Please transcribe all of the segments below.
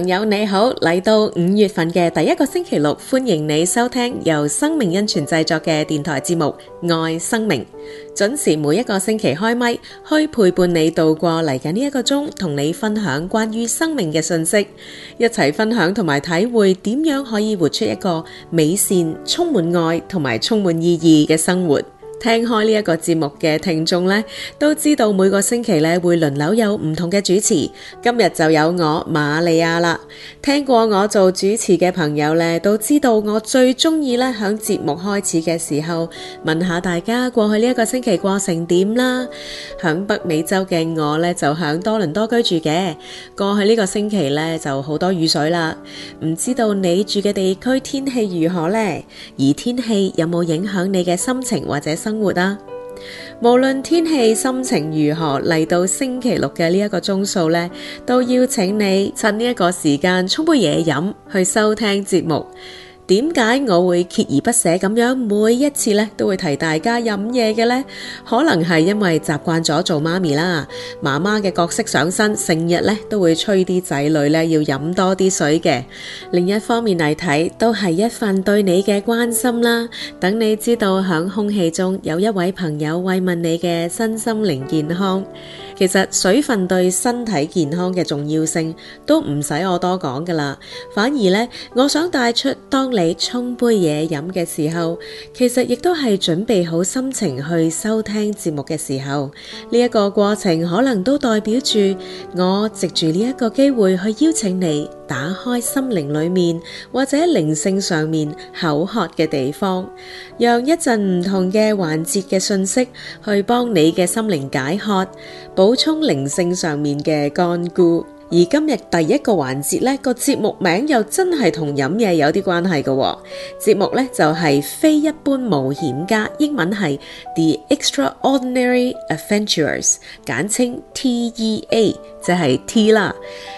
朋友你好，嚟到五月份嘅第一個星期六，歡迎你收聽由生命恩泉製作嘅電台節目《愛生命》，準時每一個星期開麥，去陪伴你度過嚟緊呢一個鐘，同你分享關於生命嘅信息，一齊分享同埋體會點樣可以活出一個美善、充滿愛同埋充滿意義嘅生活。聽開呢一個節目嘅聽眾呢，都知道每個星期咧會輪流有唔同嘅主持，今日就有我瑪利亞啦。聽過我做主持嘅朋友咧，都知道我最鍾意咧響節目開始嘅時候問下大家過去呢一個星期過成點啦。響北美洲嘅我呢，就響多倫多居住嘅，過去呢個星期呢，就好多雨水啦。唔知道你住嘅地區天氣如何呢？而天氣有冇影響你嘅心情或者？生活啦、啊，無論天氣、心情如何，嚟到星期六嘅呢一個鐘數咧，都要請你趁呢一個時間沖杯嘢飲，去收聽節目。點解我會鍥而不捨咁樣每一次咧都會提大家飲嘢嘅呢，可能係因為習慣咗做媽咪啦，媽媽嘅角色上身，成日咧都會催啲仔女咧要飲多啲水嘅。另一方面嚟睇，都係一份對你嘅關心啦。等你知道響空氣中有一位朋友慰問你嘅身心靈健康。其實水分對身體健康嘅重要性都唔使我多講㗎喇，反而呢，我想帶出當你沖杯嘢飲嘅時候，其實亦都係準備好心情去收聽節目嘅時候，呢、這、一個過程可能都代表住我藉住呢一個機會去邀請你。打開心靈裏面或者靈性上面口渴嘅地方，讓一陣唔同嘅環節嘅信息去幫你嘅心靈解渴，補充靈性上面嘅乾枯。而今日第一個環節，呢個節目名又真係同飲嘢有啲關係嘅，哦。節目呢就係、是《非一般冒險家》，英文係《The Extraordinary Adventures r》，簡稱 T.E.A.，即係 T e a 啦。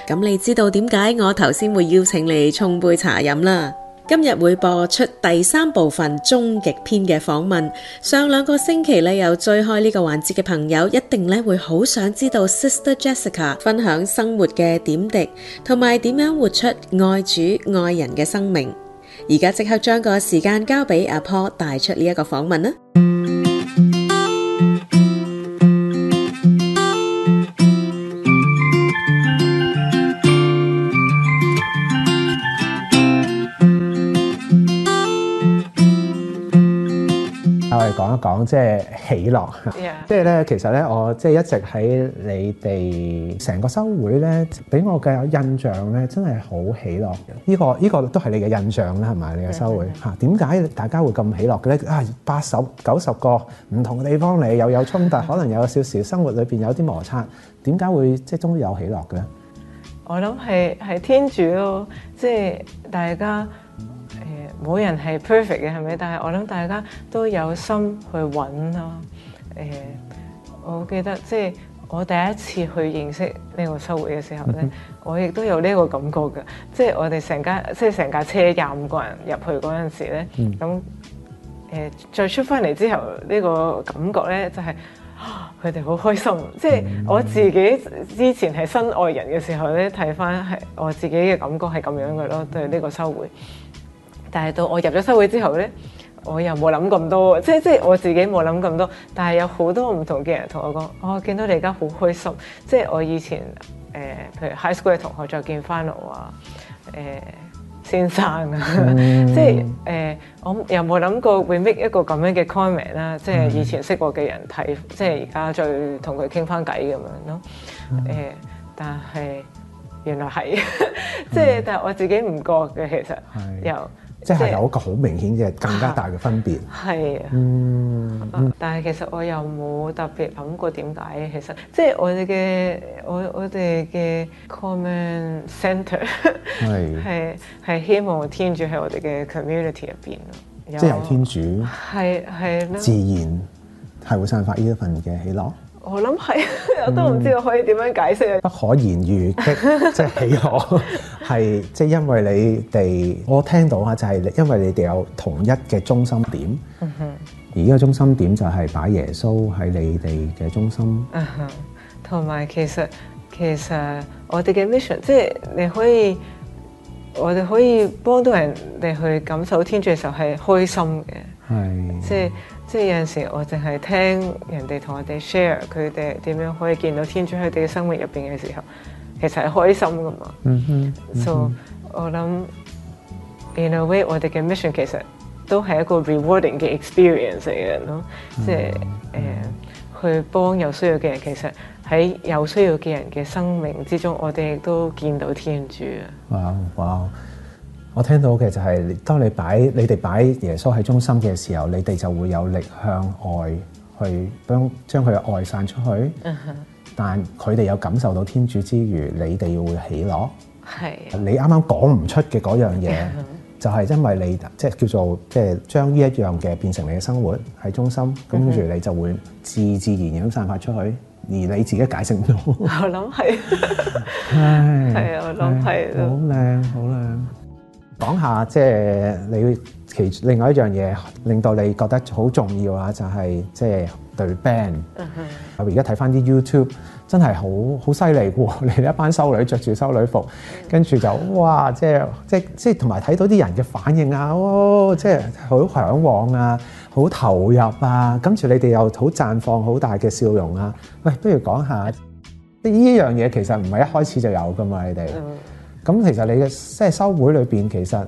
咁你知道點解我頭先會邀請你沖杯茶飲啦？今日會播出第三部分終極篇嘅訪問。上兩個星期咧有追開呢個環節嘅朋友，一定咧會好想知道 Sister Jessica 分享生活嘅點滴，同埋點樣活出愛主愛人嘅生命。而家即刻將個時間交俾阿 Paul 帶出呢一個訪問啦。講一講即係喜樂，即係咧 Yeah.，其實咧，我即係一直喺你哋成個修會咧，俾我嘅印象咧，真係好喜樂嘅。依、這個依、這個都係你嘅印象啦，係咪？你嘅修會嚇？點解 Yeah.、啊、大家會咁喜樂嘅咧？啊，八十九十個唔同嘅地方你又有衝突，Yeah. 可能有少少生活裏邊有啲摩擦，點解會即係終於有喜樂嘅？我諗係係天主咯，即、就、係、是、大家。冇人係 perfect 嘅，係咪？但係我諗大家都有心去揾咯。誒，我記得即係我第一次去認識呢個修會嘅時候咧，我亦都有呢個感覺㗎。即係我哋成架即係成架車廿五個人入去嗰陣時咧，咁誒再出翻嚟之後，呢個感覺咧就係啊，佢哋好開心。即係我自己之前係身外人嘅時候咧，睇翻係我自己嘅感覺係咁樣嘅咯，對呢個修會。但係到我入咗社會之後咧，我又冇諗咁多，即即係我自己冇諗咁多。但係有好多唔同嘅人同我講，我、oh，見到你而家好開心。即係我以前誒、呃，譬如 high school 嘅同學再見翻我啊，誒、呃、先生啊，嗯、 即係誒、呃，我有冇諗過會 make 一個咁樣嘅 comment 啦？即係以前識過嘅人睇，即係而家再同佢傾翻偈咁樣咯。誒、嗯呃，但係原來係， 即係、嗯、但係我自己唔覺嘅，其實又。的即係有一個好明顯嘅更加大嘅分別。係啊，啊嗯，啊、但係其實我又冇特別諗過點解。其實即係我哋嘅我我哋嘅 Common Center 係係係希望天主喺我哋嘅 community 入邊，即係由天主係係、啊、自然係會散發呢一份嘅喜樂。我諗係，我都唔知我可以點樣解釋。嗯、不可言喻即係喜樂，係即係因為你哋，我聽到啊，就係因為你哋有同一嘅中心點，嗯、哼而呢個中心點就係擺耶穌喺你哋嘅中心。同埋、嗯、其實其實我哋嘅 mission，即係你可以，我哋可以幫到人哋去感受天主嘅時候係開心嘅，係即係。即係即係有陣時，我淨係聽人哋同我哋 share 佢哋點樣可以見到天主喺佢哋嘅生活入邊嘅時候，其實係開心噶嘛。Mm hmm. mm hmm. So，我諗，in a way，我哋嘅 mission 其實都係一個 rewarding 嘅 experience 嚟嘅，you know?、mm，hmm. 即係誒、呃 mm hmm. 去幫有需要嘅人。其實喺有需要嘅人嘅生命之中，我哋亦都見到天主啊！哇！Wow, wow. 我聽到嘅就係，當你擺你哋擺耶穌喺中心嘅時候，你哋就會有力向外去將將佢嘅愛散出去。但佢哋有感受到天主之餘，你哋會喜樂。係你啱啱講唔出嘅嗰樣嘢，就係因為你即係叫做即係將呢一樣嘅變成你嘅生活喺中心，咁跟住你就會自自然然咁散發出去，而你自己解釋唔到。我諗係係啊，我諗係好靚，好靚。講下即係你其另外一樣嘢，令到你覺得好重要啊，就係、是、即係對 band。我而家睇返啲 YouTube，真係好好犀利嘅喎！ 你哋一班修女着住修女服，uh huh. 跟住就哇！即係即即同埋睇到啲人嘅反應啊、哦，即係好嚮往啊，好投入啊，跟住你哋又好綻放好大嘅笑容啊！喂、哎，不如講下呢樣嘢其實唔係一開始就有㗎嘛，你哋。Uh huh. 咁其實你嘅即係修會裏邊，其實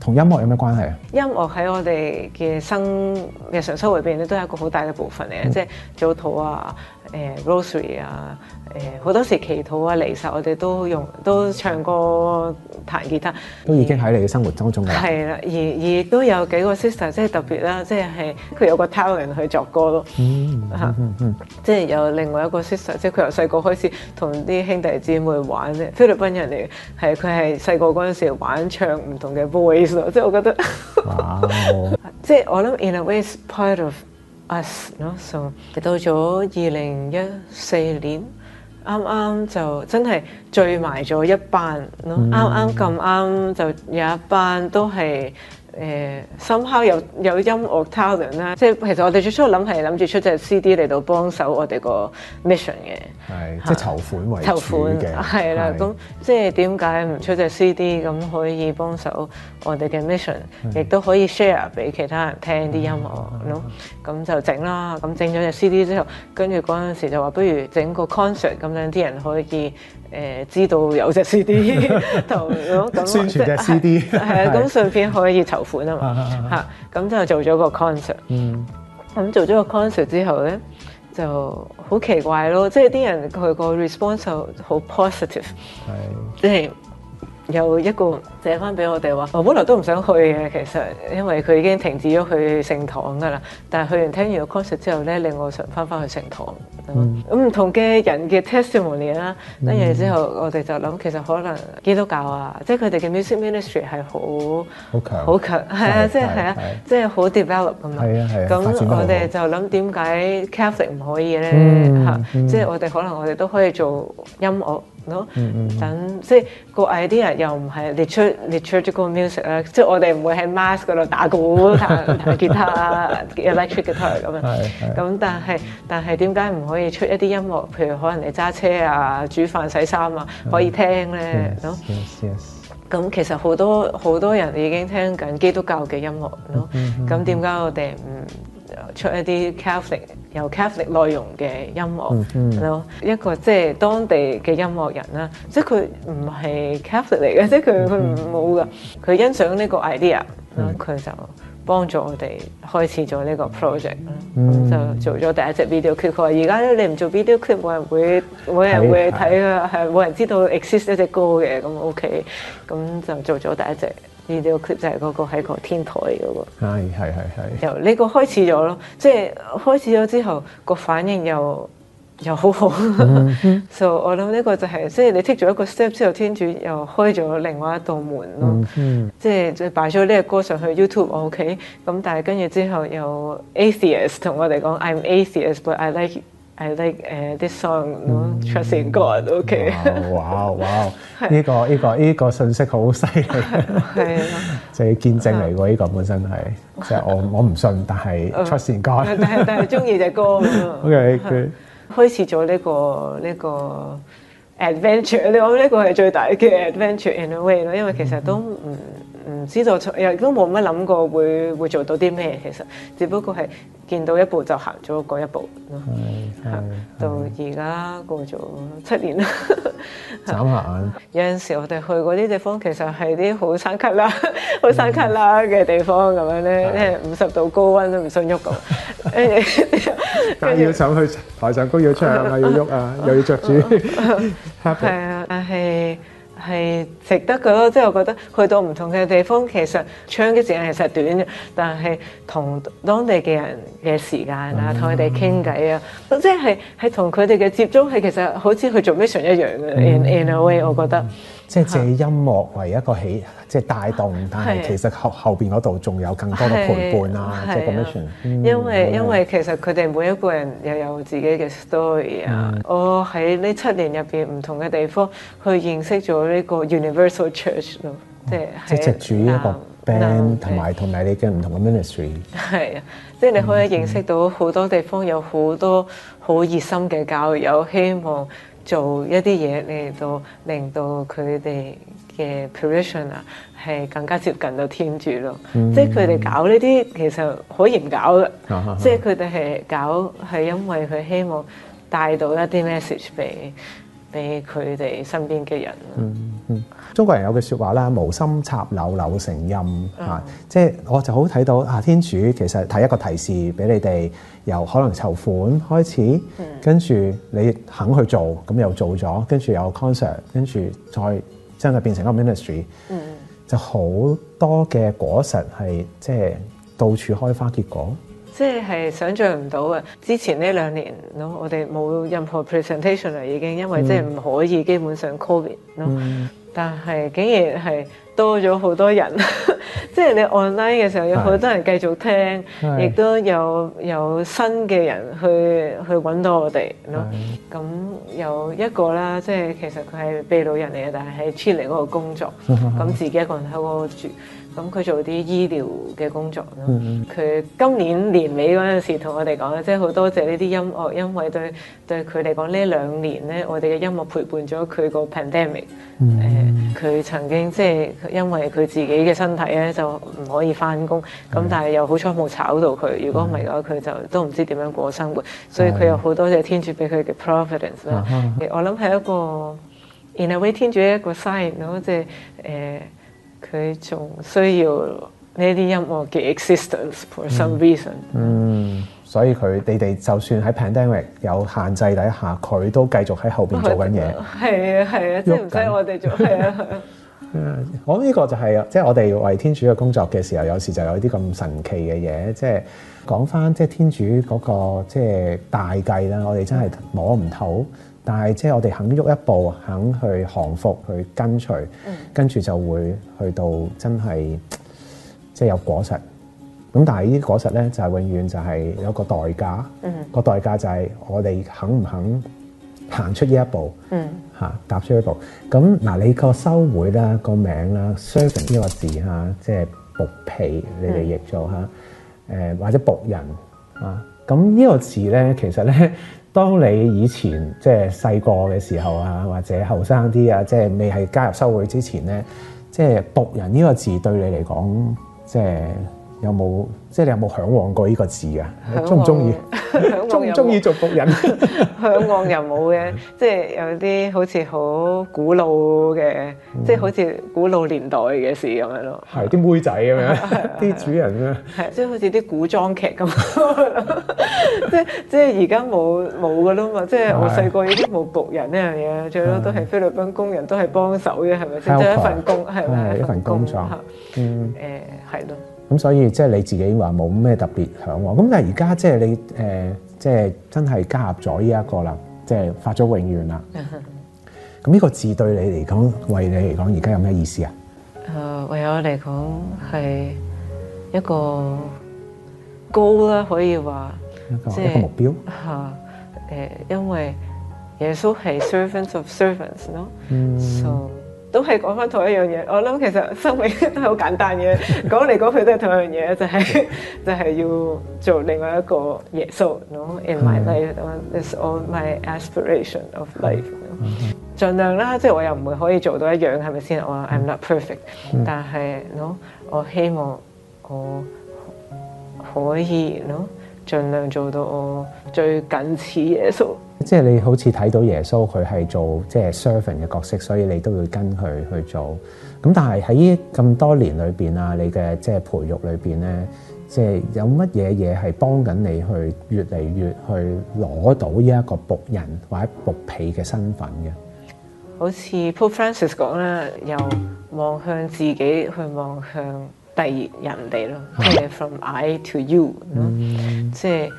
同音樂有咩關係啊？音樂喺我哋嘅生日常生活裏邊咧，都係一個好大嘅部分嚟嘅，嗯、即係早土啊，誒、呃、rosary 啊。誒好多時祈禱啊、離實，我哋都用都唱歌、彈吉他，都已經喺你嘅生活當中嘅。係啦，而而亦都有幾個 sister 即係特別啦，即係佢有個 talent 去作歌咯。嗯，嚇，即係有另外一個 sister，即係佢由細個開始同啲兄弟姐妹玩啫。菲律賓人嚟嘅，係佢係細個嗰陣時玩唱唔同嘅 voice，即係我覺得，即係我諗 in a way part of us，no so，到咗二零一四年。啱啱就真係聚埋咗一班咯，啱啱咁啱就有一班都係。誒、呃、somehow 有有音樂 talent 啦，即係其實我哋最初諗係諗住出隻 CD 嚟到幫手我哋個 mission 嘅，即係籌款為主嘅，係啦，咁即係點解唔出隻 CD，咁可以幫手我哋嘅 mission，亦都、嗯、可以 share 俾其他人聽啲音樂咯，咁、嗯嗯、就整啦，咁整咗隻 CD 之後，跟住嗰陣時就話不如整個 concert，咁樣啲人可以。誒、欸、知道有隻 CD 同 咁樣， 宣傳隻 CD 係啊，咁是順便可以籌款啊嘛嚇，咁就做咗個 concert。嗯，咁做咗個 concert 之後咧，就好奇怪咯，即係啲人佢個 response 好 positive 係是，即係。有一個借翻俾我哋話，我本來都唔想去嘅，其實因為佢已經停止咗去聖堂噶啦。但係去完聽完個 concert 之後咧，令我想翻返去聖堂。咁唔、嗯、同嘅人嘅 testimony 啦，跟住之後我哋就諗，其實可能基督教啊，即係佢哋嘅 music ministry 係好好強，係啊，即係係啊，即係好 develop 噶嘛。咁我哋就諗點解 Catholic 唔可以咧？嚇，即係我哋可能我哋都可以做音樂。咯，等即係個 idea 又唔係 liturgical music 啦，即係我哋唔會喺 mass 嗰度打鼓彈彈吉他啊，electric guitar 咁啊，咁但係但係點解唔可以出一啲音樂，譬如可能你揸車啊、煮飯洗衫啊，可以聽咧？咯，yes yes。咁其實好多好多人已經聽緊基督教嘅音樂咯，咁點解我哋唔出一啲 Catholic？有 Catholic 內容嘅音樂，咯、mm hmm. 一個即係、就是、當地嘅音樂人啦，即係佢唔係 Catholic 嚟嘅，mm hmm. 即係佢佢冇㗎，佢欣賞呢個 idea，佢、mm hmm. 就幫助我哋開始咗呢個 project 咁、mm hmm. 就做咗第一隻 video clip。佢話而家咧你唔做 video clip，冇人會冇人會睇㗎，係冇看人，人知道 exist 一隻歌嘅，咁 OK，咁就做咗第一隻。呢條 clip 就係嗰個喺個天台嗰、那個，係係係。 由呢個開始咗咯，即、就、係、是、開始咗之後個反應又又好好，就、 so, 我諗呢個就係即係你 take 咗一個 step 之後，天主又開咗另外一道門咯。嗯，即係再擺咗呢個歌上去 YouTube 我、okay? 屋、嗯、企，咁但係跟住之後有 atheist 同我哋講 I'm atheist but I like。I like this song，Trust in God，OK？哇哇哇！呢個呢個呢個信息好犀利，係啊，就係見證嚟喎呢個本身係，即係我我唔信，但係 Trust in God，但係但係鍾意隻歌，OK？佢開始咗呢個呢個 adventure，你話呢個係最大嘅 adventure in a way 咯，因為其實都唔，唔知道，又都冇乜諗過會會做到啲咩。其實，只不過係見到一步就行咗嗰一步咯。係，到而家過咗七年啦。眨下眼。有陣時我哋去嗰啲地方，其實係啲好山卡啦、好山卡啦嘅地方咁樣咧，即係五十度高溫都唔想喐個。跟住，跟住要上去台上高要唱啊，要喐啊，又要着住。係啊，但係。係值得嘅咯，即係我覺得去到唔同嘅地方，其實長嘅時間其實短嘅，但係同當地嘅人嘅時間啊，同佢哋傾偈啊，即係係同佢哋嘅接觸係其實好似去做 mission 一樣嘅。Mm hmm. In, in a way, 我覺得。Mm hmm. 即係借音樂為一個起，即帶動，但係其實後是後邊嗰度仲有更多嘅陪伴是個 mission，啊！即咁樣算。因為、啊、因為其實佢哋每一個人又有自己嘅 story 啊。我喺呢七年入邊唔同嘅地方，去認識咗呢個 Universal Church 咯、啊，即係即係藉住呢個 band、啊、和和同埋同埋你嘅唔同嘅 ministry。係啊，即係你可以認識到好多地方、嗯、有好多好熱心嘅教友，有希望。做一啲嘢嚟到令到佢哋嘅 professional 係更加接近到天主咯，即係佢哋搞呢啲其實好嚴格嘅，即係佢哋係搞係因為佢希望帶到一啲 message 俾俾佢哋身邊嘅人。嗯嗯，中國人有句説話啦，無心插柳柳成蔭啊，即係我就好睇到啊，天主其實提一個提示俾你哋。由可能籌款開始，mm. 跟住你肯去做，咁又做咗，跟住有 concert，跟住再將佢變成一個 ministry，就好多嘅果實係即係到處開花結果，即係係想象唔到嘅。之前呢兩年咯，no, 我哋冇任何 presentation 嚟已經，因為即係唔可以基本上 covid 咯，但係竟然係。多咗好多人， 即係你 online 嘅時候，是有好多人繼續聽，亦是都有有新嘅人去去揾到我哋咯。咁是有一個啦，即係其實佢係秘魯人嚟嘅，但係喺智利嗰度工作，咁 自己一個人喺嗰度住。咁佢做啲醫療嘅工作咯。佢、mm hmm. 今年年尾嗰陣時同我哋講咧，即係好多謝呢啲音樂，因為對對佢嚟講呢兩年咧，我哋嘅音樂陪伴咗佢個 pandemic。誒、mm，佢、hmm. 呃、曾經即係因為佢自己嘅身體咧就唔可以翻工，咁、mm hmm. 但係又好彩冇炒到佢。如果唔係嘅話，佢就都唔知點樣過生活。Mm hmm. 所以佢有好多謝天主俾佢嘅 providence 啦、mm。Hmm. 我諗係一個 in a way 天主一個 sign 咯，即係誒。佢仲需要呢啲音樂嘅 existence for some reason 嗯。嗯，所以佢你哋就算喺 pandemic 有限制底下，佢都繼續喺後邊做緊嘢。係啊係啊，啊啊即唔使我哋做。係啊係啊。嗯， 我諗呢個就係即係我哋為天主嘅工作嘅時候，有時就有啲咁神奇嘅嘢。即係講翻即係天主嗰、那個即係、就是、大計啦，我哋真係摸唔透。嗯。但係即係我哋肯喐一步，肯去降服，去跟隨，嗯、跟住就會去到真係即係有果實。咁但係呢啲果實咧，就係、是、永遠就係有一個代價。個、嗯、代價就係我哋肯唔肯行出呢一步。嗯，嚇，踏出呢一步。咁嗱，你個修會啦，個名啦 Serving 呢個字吓，即係僕婢，你哋譯做嚇。誒、嗯，或者僕人啊。咁呢個字咧，其實咧。當你以前即係細個嘅時候啊，或者後生啲啊，即係未係加入修會之前咧，即係僕人呢個字對你嚟講，即係。有冇即係你有冇嚮往過呢個字啊？中唔中意？中唔中意做僕人？嚮往又冇嘅，即係有啲好似好古老嘅，即係好似古老年代嘅事咁樣咯。係啲妹仔咁樣，啲主人咁樣，即係好似啲古裝劇咁。即即係而家冇冇㗎啦嘛！即係我細個已經冇僕人呢樣嘢，最多都係菲律賓工人，都係幫手嘅，係咪先？都係一份工，係啦，一份工。嗯。誒，係咯。咁、嗯、所以即係你自己話冇咩特別想喎，咁但係而家即係你誒，即係、呃、真係加入咗呢一個啦，即係發咗永遠啦。咁呢 個字對你嚟講，為你嚟講而家有咩意思啊？誒、呃，為我嚟講係一個 goal 啦，可以話即係一個目標嚇。誒，因為耶穌係 servants of servants 咯、嗯，所以。都係講翻同一樣嘢，我諗其實生命都係好簡單嘅，講嚟講去都係同一樣嘢，就係、就係、要做另外一個耶穌，no，in my life，it's all my aspiration of life，儘 量啦，即係我又唔會可以做到一樣，係咪先？我 I'm not perfect， 但係我希望我可以 no，儘量做到我最近似耶穌。即係你好似睇到耶穌佢係做即係 servant 嘅角色，所以你都要跟佢去做。咁但係喺咁多年裏邊啊，你嘅即係培育裏邊咧，即係有乜嘢嘢係幫緊你去越嚟越去攞到呢一個僕人或者僕婢嘅身份嘅？好似 Pope Francis 講啦，又望向自己去望向第二人哋咯，即係 from I to you。即係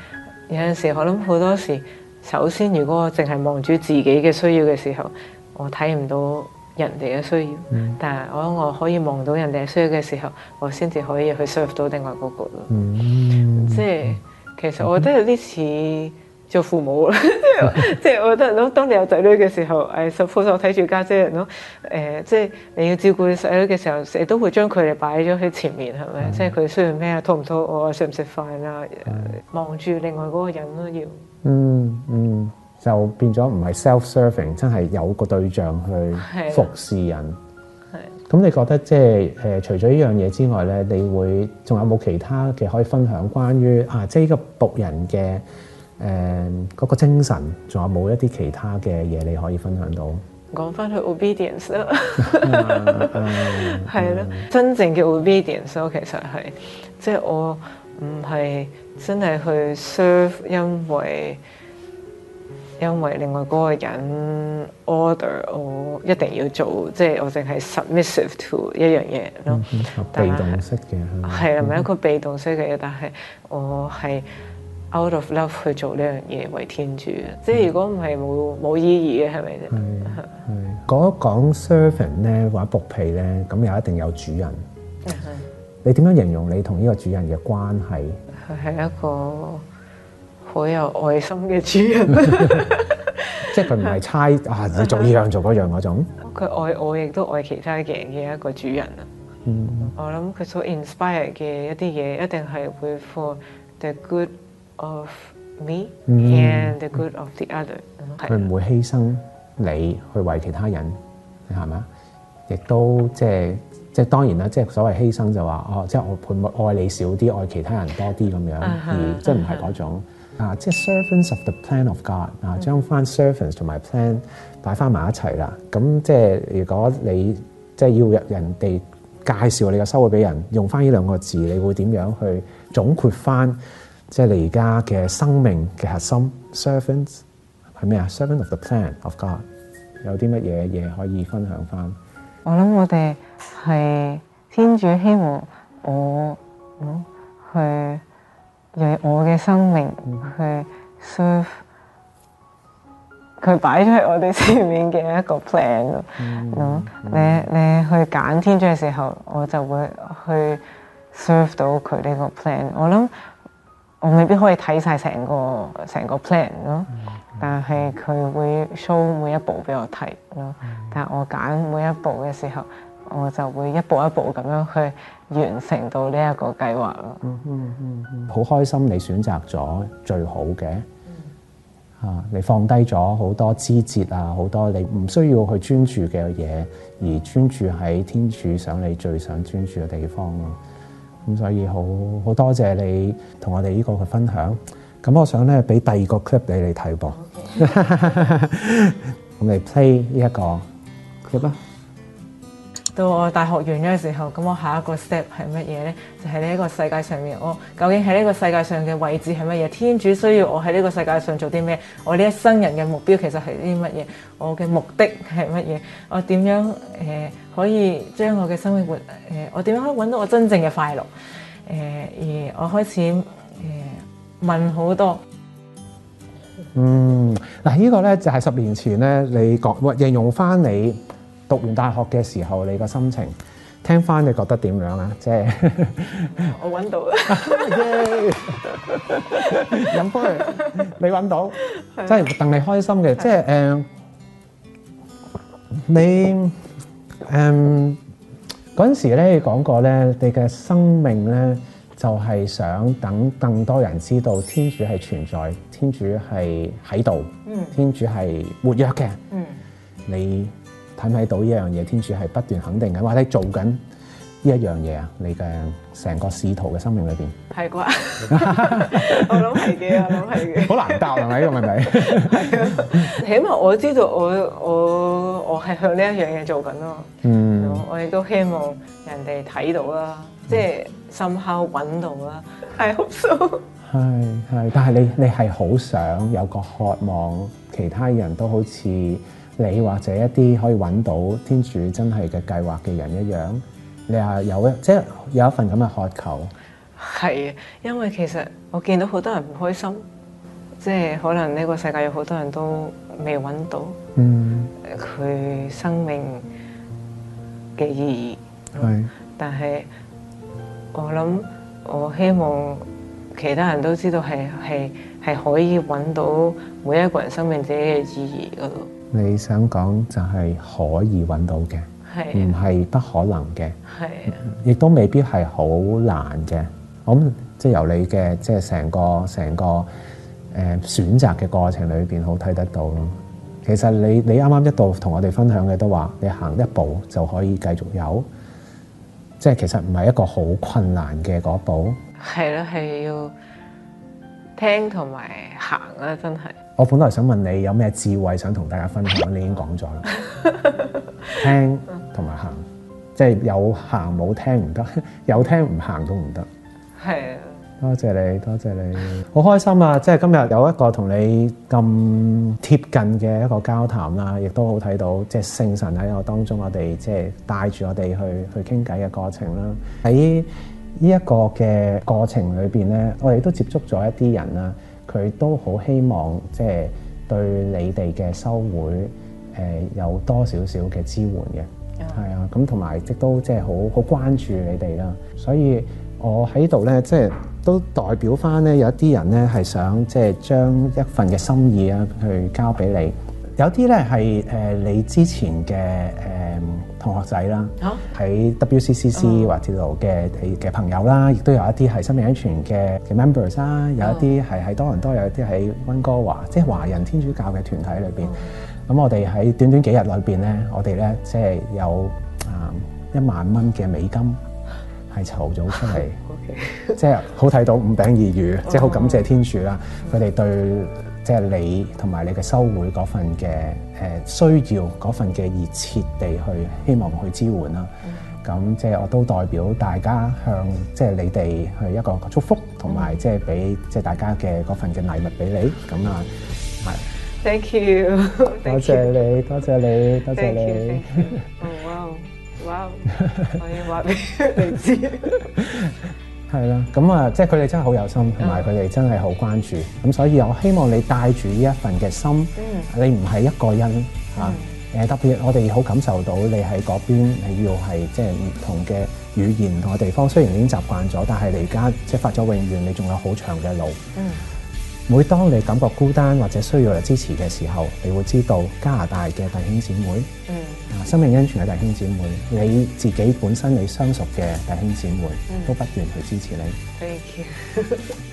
有陣時，我諗好多時。首先，如果我淨係望住自己嘅需要嘅時候，我睇唔到人哋嘅需要。Mm hmm. 但係我諗我可以望到人哋嘅需要嘅時候，我先至可以去 serve 到另外嗰個咯。Mm hmm. 即係其實我覺得有啲似做父母 即係我覺得當你有仔女嘅時候，s u p 誒，suppose 睇住家姐人咯，誒 you know，呃，即係你要照顧你細女嘅時候，成日都會將佢哋擺咗喺前面，係咪？Mm hmm. 即係佢需要咩，肚唔肚餓啊，我食唔食飯啊？望住、mm hmm. 另外嗰個人咯，要。嗯嗯，就變咗唔係 self-serving，真係有個對象去服侍人。係。咁你覺得即係誒，除咗呢樣嘢之外咧，你會仲有冇其他嘅可以分享？關於啊，即係呢個僕人嘅誒嗰個精神，仲有冇一啲其他嘅嘢你可以分享到？講翻去 obedience 咯，係咯，真正嘅 obedience，哦，其實係即係我唔係。真係去 serve，因為因為另外嗰個人 order 我一定要做，即係我淨係 submissive to 一樣嘢咯。被動式嘅，係咪一個被動式嘅嘢？嗯、但係我係 out of love 去做呢樣嘢，為天主。嗯、即係如果唔係冇冇意義嘅，係咪啫？係，講一講 servant 咧， 說說或者僕婢咧，咁又一定有主人。嗯、你點樣形容你同呢個主人嘅關係？佢係一個好有愛心嘅主人，即係佢唔係猜啊，你做呢樣做嗰樣嗰種。佢愛我，亦都愛其他嘅人嘅一個主人啦。嗯，我諗佢所 inspire 嘅一啲嘢，一定係會 for the good of me and the good of the other。佢唔會犧牲你去為其他人，係咪啊？亦都即係。即係當然啦，即係所謂犧牲就話，哦，即係我愛愛你少啲，愛其他人多啲咁樣， 而即係唔係嗰種啊， uh, 即係 servants of the plan of God 啊 ，uh, 將翻 servants 同埋 plan 擺翻埋一齊啦。咁即係如果你即係要人哋介紹你個生活俾人，用翻呢兩個字，你會點樣去總括翻即係你而家嘅生命嘅核心？servants 係咩啊？servants of the plan of God 有啲乜嘢嘢可以分享翻？我諗我哋係天主希望我去用我嘅生命去 serve 佢擺咗喺我哋前面嘅一個 plan 咯，mm hmm，你你去揀天主嘅時候，我就會去 serve 到佢呢個 plan。我諗我未必可以睇晒成個成個 plan 咯、mm。Hmm. 但係佢會 show 每一步俾我睇咯，但係我揀每一步嘅時候，我就會一步一步咁樣去完成到呢一個計劃咯、嗯。嗯嗯嗯，好、嗯、開心你選擇咗最好嘅，嚇、嗯啊、你放低咗好多枝節啊，好多你唔需要去專注嘅嘢，而專注喺天主想你最想專注嘅地方咯。咁所以好好多謝你同我哋呢個去分享。咁我想咧，俾第二個 clip 俾你睇噃，我嚟 Okay. play 呢一個 clip 咯。到我大學完咗嘅時候，咁我下一個 step 係乜嘢咧？就係呢一個世界上面，我究竟喺呢個世界上嘅位置係乜嘢？天主需要我喺呢個世界上做啲咩？我呢一生人嘅目標其實係啲乜嘢？我嘅目的係乜嘢？我點樣誒、呃、可以將我嘅生活活誒、呃？我點樣可以揾到我真正嘅快樂？誒、呃、而我開始。問好多，嗯，嗱，依個咧就係十年前咧，你講，或形容翻你讀完大學嘅時候，你個心情，聽翻你覺得點樣啊？即係我揾到，飲杯，你揾到，即係戥你開心嘅，即係誒，um，你誒嗰陣時咧講過咧，你嘅生命咧。就係想等更多人知道天主係存在，天主係喺度，天主係活躍嘅。你睇唔睇到呢樣嘢？天主係不斷肯定嘅是吧， 或者做緊呢一樣嘢啊！你嘅成個信徒嘅生命裏邊，係啩？我諗係嘅，我諗係嘅。好難答係咪？咁係咪？起碼我知道我，我我我係向呢一樣嘢做緊咯。嗯，我亦都希望人哋睇到啦。即係深刻揾到啦，係好少。係係，但係你你係好想有個渴望，其他人都好似你或者一啲可以揾到天主真係嘅計劃嘅人一樣，你話有一即係有一份咁嘅渴求。係，因為其實我見到好多人唔開心，即係可能呢個世界有好多人都未揾到嗯佢生命嘅意義。係是、嗯，但係。我諗，我希望其他人都知道係係係可以揾到每一個人生命自己嘅意義嗰度。你想講就係可以揾到嘅，唔係、啊、不、不可能嘅，亦、啊、都未必係好難嘅。咁即係由你嘅即係成個成個誒、呃、選擇嘅過程裏邊，好睇得到咯。其實你你啱啱一度同我哋分享嘅都話，你行一步就可以繼續有。即係其實唔係一個好困難嘅嗰步，係咯，係要聽同埋行啦，真係。我本來想問你有咩智慧想同大家分享，你已經講咗啦。 聽同埋行，即係有行冇聽唔得，有聽唔行都唔得。係啊。多謝你，多謝你，好開心啊！即係今日有一個同你咁貼近嘅一個交談啦，亦都好睇到即係聖神喺我當中，我哋即係帶住我哋去去傾偈嘅過程啦。喺呢一個嘅過程裏邊咧，我哋都接觸咗一啲人啦，佢都好希望即係對你哋嘅修會誒、呃、有多少少嘅支援嘅，係、嗯、啊，咁同埋亦都即係好好關注你哋啦。所以我喺度咧，即係。都代表翻咧，有一啲人咧係想即係將一份嘅心意啊，去交俾你。有啲咧係誒你之前嘅誒同學仔啦，喺、啊、WCCC 或者度嘅嘅朋友啦，亦都、啊、有一啲係生命安全嘅 members 啦、啊，有一啲係喺多倫多，有一啲喺溫哥華，即、就、係、是、華人天主教嘅團體裏邊。咁、啊、我哋喺短短幾日裏邊咧，我哋咧即係有啊一萬蚊嘅美金係籌組出嚟。啊即係好睇到五餅二魚，即係好感謝天主啦，佢哋對即係你同埋你嘅修會嗰份嘅誒需要嗰份嘅熱切地去希望去支援啦。咁即係我都代表大家向即係你哋去一個祝福，同埋即係俾即係大家嘅嗰份嘅禮物俾你咁啊。係，Thank you，多謝你，多謝你，多謝你。哇哇，我哋話俾你知。係啦，咁啊，即係佢哋真係好有心，同埋佢哋真係好關注。咁所以我希望你帶住呢一份嘅心，嗯、你唔係一個人嚇。誒、嗯啊、特別我哋好感受到你喺嗰邊，你要係即係唔同嘅語言，唔同嘅地方，雖然已經習慣咗，但係你而家即係發咗永遠，你仲有好長嘅路。嗯、每當你感覺孤單或者需要人支持嘅時候，你會知道加拿大嘅弟兄姊妹，嗯生命恩全嘅弟兄姊妹，你自己本身你相熟嘅弟兄姊妹，嗯、都不斷去支持你。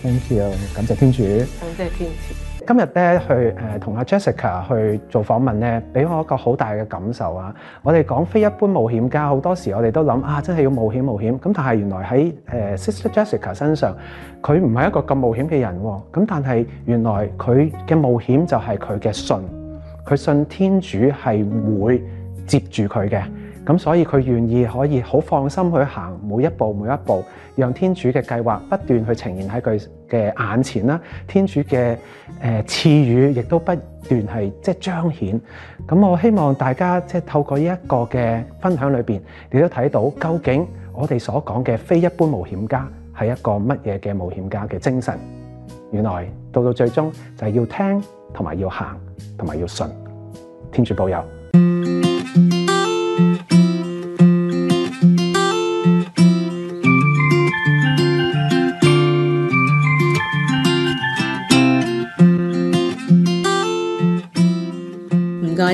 Thank you，Thank you，感謝天主，感謝天主。今日咧去誒同阿 Jessica 去做訪問咧，俾我一個好大嘅感受啊！我哋講非一般冒險家，好多時我哋都諗啊，真係要冒險冒險咁，但係原來喺誒 Sister Jessica 身上，佢唔係一個咁冒險嘅人喎、啊。咁但係原來佢嘅冒險就係佢嘅信，佢信天主係會，接住佢嘅，咁所以佢願意可以好放心去行每一步每一步，讓天主嘅計劃不斷去呈現喺佢嘅眼前啦。天主嘅誒賜予亦都不斷係即彰顯。咁我希望大家即係透過呢一個嘅分享裏邊，你都睇到究竟我哋所講嘅非一般冒險家係一個乜嘢嘅冒險家嘅精神。原來到到最終就係要聽同埋要行同埋要信。天主保佑。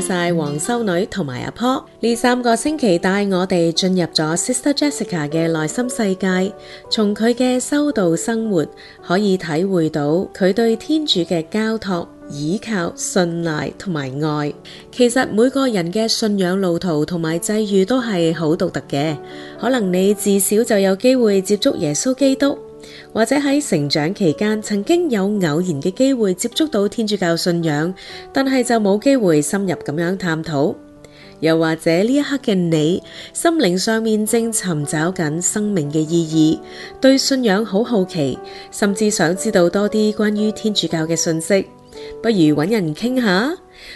晒黃修女同埋阿婆呢三個星期帶我哋進入咗 Sister Jessica 嘅內心世界，從佢嘅修道生活可以體會到佢對天主嘅交託、倚靠、信賴同埋愛。其實每個人嘅信仰路途同埋際遇都係好獨特嘅，可能你自小就有機會接觸耶穌基督。或者喺成長期間曾經有偶然嘅機會接觸到天主教信仰，但係就冇機會深入咁樣探討。又或者呢一刻嘅你心靈上面正尋找緊生命嘅意義，對信仰好好奇，甚至想知道多啲關於天主教嘅信息，不如揾人傾下。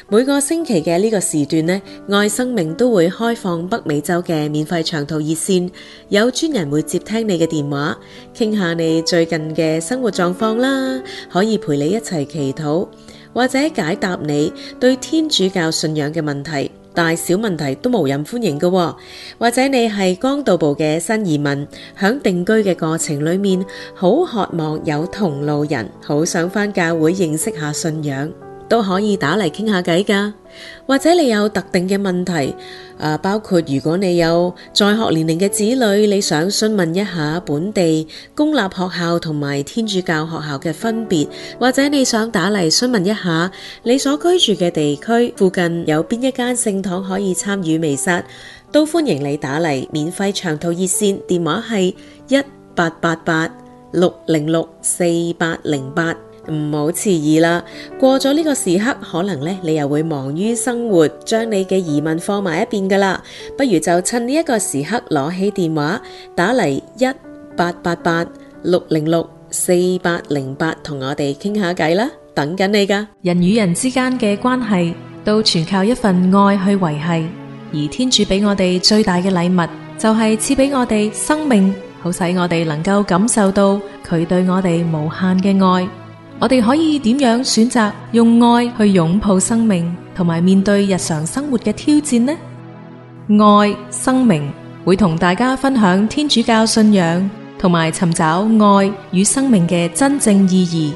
每個星期嘅呢個時段咧，愛生命都會開放北美洲嘅免費長途熱線，有專人會接聽你嘅電話，傾下你最近嘅生活狀況啦，可以陪你一齊祈禱，或者解答你對天主教信仰嘅問題，大小問題都無人歡迎嘅、哦，或者你係剛到埗嘅新移民，響定居嘅過程裏面好渴望有同路人，好想返教會認識下信仰。都可以打嚟傾下偈噶，或者你有特定嘅問題，誒、啊，包括如果你有在學年齡嘅子女，你想詢問一下本地公立學校同埋天主教學校嘅分別，或者你想打嚟詢問一下你所居住嘅地區附近有邊一間聖堂可以參與彌撒，都歡迎你打嚟，免費長途熱線電話係一八八八六零六四八零八。唔好遲疑啦！過咗呢個時刻，可能咧你又會忙於生活，將你嘅疑問放埋一邊噶啦。不如就趁呢一個時刻攞起電話，打嚟一八八八六零六四八零八，同我哋傾下偈啦。等緊你噶。人與人之間嘅關係，都全靠一份愛去維繫，而天主俾我哋最大嘅禮物，就係賜俾我哋生命，好使我哋能夠感受到佢對我哋無限嘅愛。我哋可以點樣選擇用愛去擁抱生命，同埋面對日常生活嘅挑戰呢？愛生命會同大家分享天主教信仰，同埋尋找愛與生命嘅真正意義。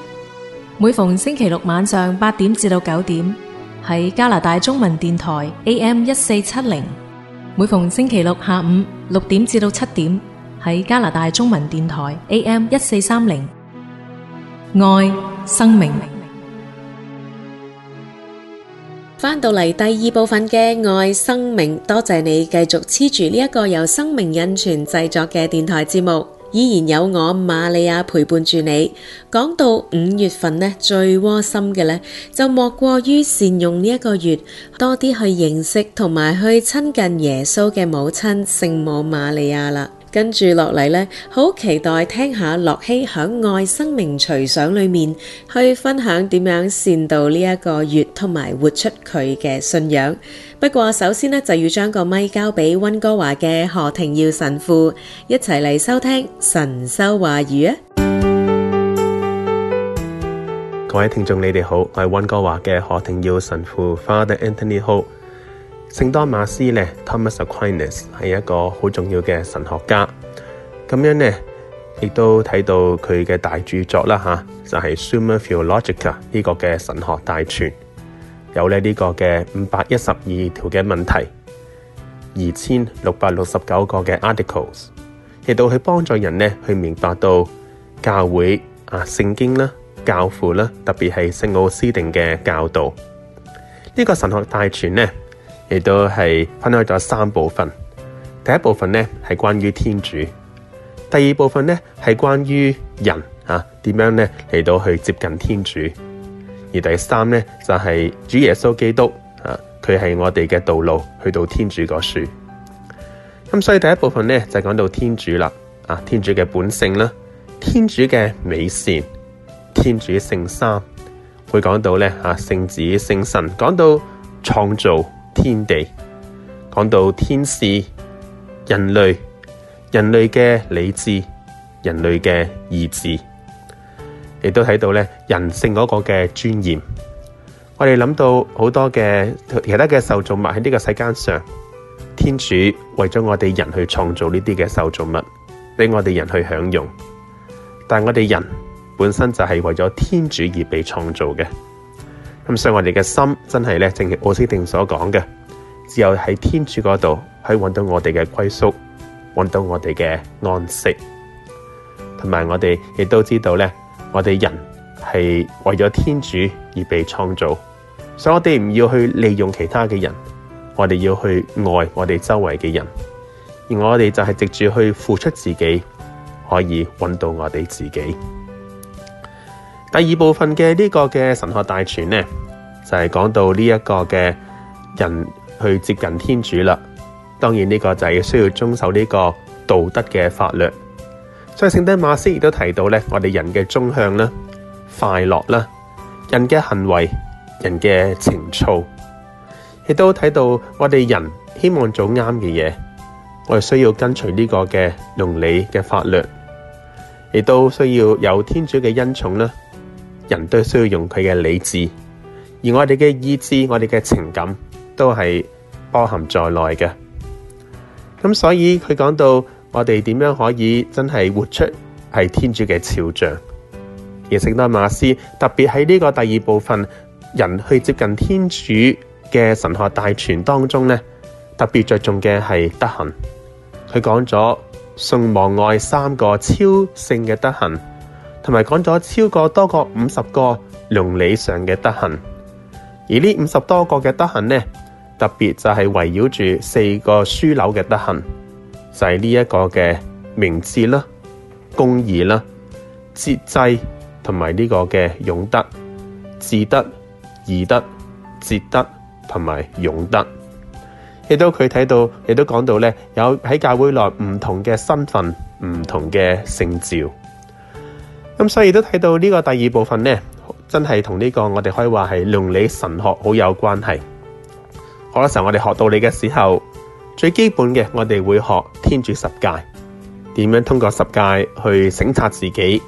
每逢星期六晚上八點至到九點，喺加拿大中文電台 AM 一四七零；每逢星期六下午六點至到七點，喺加拿大中文電台 AM 一四三零。愛。生命，翻到嚟第二部分嘅愛生命，多謝你繼續黐住呢一個由生命印傳製作嘅電台節目，依然有我瑪利亞陪伴住你。講到五月份呢，最窩心嘅呢，就莫過於善用呢一個月，多啲去認識同埋去親近耶穌嘅母親聖母瑪利亞啦。跟住落嚟咧，好期待聽下駱曦響愛生命隨想裏面去分享點樣善度呢一個月同埋活出佢嘅信仰。不過首先咧，就要將個咪交俾溫哥華嘅何庭耀神父一齊嚟收聽神修話語啊！各位聽眾你哋好，我係溫哥華嘅何庭耀神父 Father Anthony Ho。聖多馬斯呢 Thomas Aquinas 係一個好重要嘅神學家。咁樣呢，亦都睇到佢嘅大著作啦。吓、啊、就係、是、Summa Philologica 呢個嘅神學大全，有咧呢、這個嘅五百一十二條嘅問題，二千六百六十九個嘅 articles，亦都去幫助人呢去明白到教會啊、聖經啦、教父啦，特別係聖奧斯定嘅教導呢、這個神學大全呢。嚟到係分開咗三部分，第一部分咧係關於天主，第二部分咧係關於人啊，點樣咧嚟到去接近天主，而第三咧就係、是、主耶穌基督啊，佢係我哋嘅道路去到天主嗰處。咁、嗯、所以第一部分咧就講到天主啦，啊天主嘅本性啦，天主嘅美善，天主聖三，會講到咧啊聖子聖神，講到創造。天地講到天使、人類、人類嘅理智、人類嘅意志，亦都睇到咧人性嗰個嘅尊嚴。我哋諗到好多嘅其他嘅受造物喺呢個世間上，天主為咗我哋人去創造呢啲嘅受造物俾我哋人去享用，但我哋人本身就係為咗天主而被創造嘅。咁、嗯、所以我哋嘅心真係咧，正如奧斯定所講嘅，只有喺天主嗰度可以揾到我哋嘅歸宿，揾到我哋嘅安息。同埋我哋亦都知道咧，我哋人係為咗天主而被創造，所以我哋唔要去利用其他嘅人，我哋要去愛我哋周圍嘅人，而我哋就係藉住去付出自己，可以揾到我哋自己。第二部分嘅呢個嘅神學大全呢，就係講到呢一個嘅人去接近天主啦。當然呢個就需要遵守呢個道德嘅法律。所以聖多瑪斯亦都提到呢，我哋人嘅終向啦、快樂啦、人嘅行為、人嘅情操，亦都睇到我哋人希望做啱嘅嘢，我哋需要跟隨呢個嘅倫理嘅法律，亦都需要有天主嘅恩寵啦。人都需要用佢嘅理智，而我哋嘅意志、我哋嘅情感都係包含在內嘅。咁所以佢講到我哋點樣可以真係活出係天主嘅肖像。而聖多馬斯特別喺呢個第二部分，人去接近天主嘅神學大全當中呢，特別着重嘅係德行。佢講咗信望愛三個超性嘅德行。同埋講咗超過多個五十個倫理上嘅德行，而呢五十多個嘅德行咧，特別就係圍繞住四個樞紐嘅德行，就係呢一個嘅明智啦、公義啦、節制同埋呢個嘅勇德、智德、義德、節德同埋勇德。亦都佢睇到，亦都講到咧，有喺教會內唔同嘅身份、唔同嘅聖召。咁、嗯、所以都睇到呢個第二部分咧，真係同呢個我哋可以話係倫理神學好有關係。好多時候我哋學道理嘅時候，最基本嘅我哋會學天主十誡，點樣通過十誡去省察自己，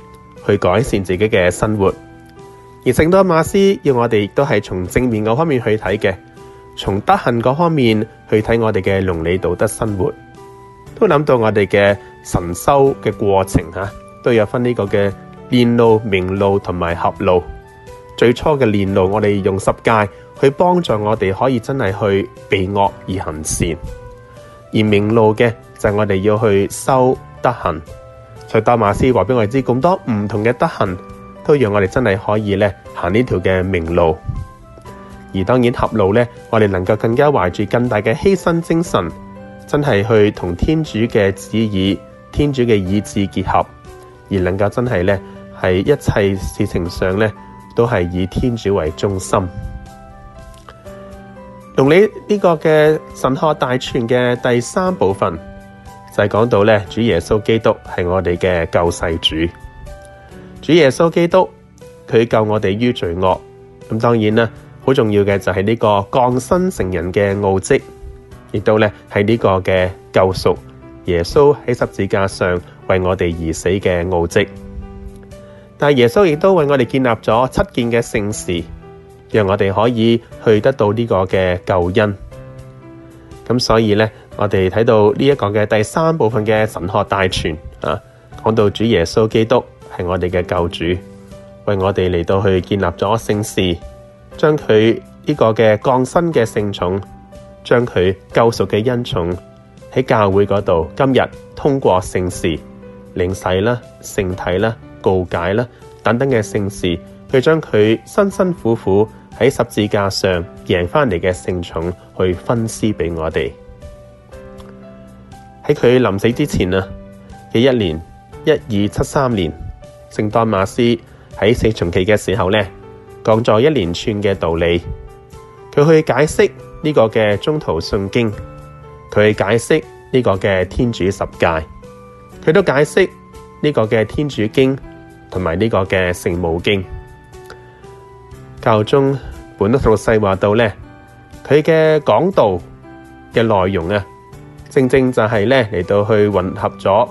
去改善自己嘅生活。而聖多馬斯要我哋都係從正面嗰方面去睇嘅，從德行嗰方面去睇我哋嘅倫理道德生活，都諗到我哋嘅神修嘅過程吓、啊，都有分呢個嘅。練路、明路同埋合路。最初嘅練路，我哋用十戒去幫助我哋可以真係去避惡而行善；而明路嘅就係、是、我哋要去修德行。在多馬斯話俾我哋知咁多唔同嘅德行，都讓我哋真係可以咧行呢條嘅明路。而當然合路呢，我哋能夠更加懷住更大嘅犧牲精神，真係去同天主嘅旨意、天主嘅意志結合，而能夠真係呢。喺一切事情上咧，都係以天主為中心。同你呢個嘅《神學大全》嘅第三部分就係、是、講到咧，主耶穌基督係我哋嘅救世主。主耶穌基督佢救我哋於罪惡，咁當然啦，好重要嘅就係呢個降生成人嘅奧跡，亦都咧係呢個嘅救贖耶穌喺十字架上為我哋而死嘅奧跡。但耶穌亦都為我哋建立咗七件嘅聖事，讓我哋可以去得到呢個嘅救恩。咁所以呢，我哋睇到呢一個嘅第三部分嘅神學大全啊，講到主耶穌基督係我哋嘅救主，為我哋嚟到去建立咗聖事，將佢呢個嘅降生嘅聖寵，將佢救贖嘅恩寵喺教會嗰度。今日通過聖事領洗啦，聖體啦。告解啦，等等嘅聖事，去將佢辛辛苦苦喺十字架上贏翻嚟嘅聖寵去分施俾我哋。喺佢臨死之前啊嘅一年一二七三年，聖多馬斯喺四重期嘅時候咧，講咗一連串嘅道理。佢去解釋呢個嘅中途信經，佢解釋呢個嘅天主十戒，佢都解釋呢個嘅天主經。同埋呢個嘅聖母經，教宗本篤十六世話到咧，佢嘅講道嘅內容啊，正正就係咧嚟到去混合咗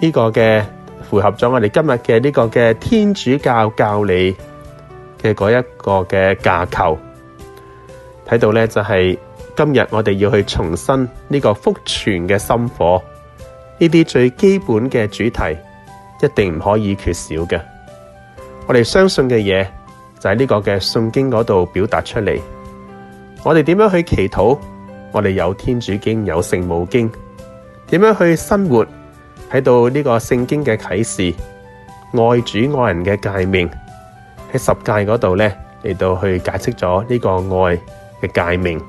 呢個嘅符合咗我哋今日嘅呢個嘅天主教教理嘅嗰一個嘅架構，睇到咧就係、是、今日我哋要去重申呢個福傳嘅心火，呢啲最基本嘅主題。一定唔可以缺少嘅，我哋相信嘅嘢就喺、是、呢個嘅聖經嗰度表達出嚟。我哋點樣去祈禱？我哋有天主經，有聖母經。點樣去生活？喺度呢個聖經嘅啟示，愛主愛人嘅誡命喺十誡嗰度咧嚟到去解釋咗呢個愛嘅誡命。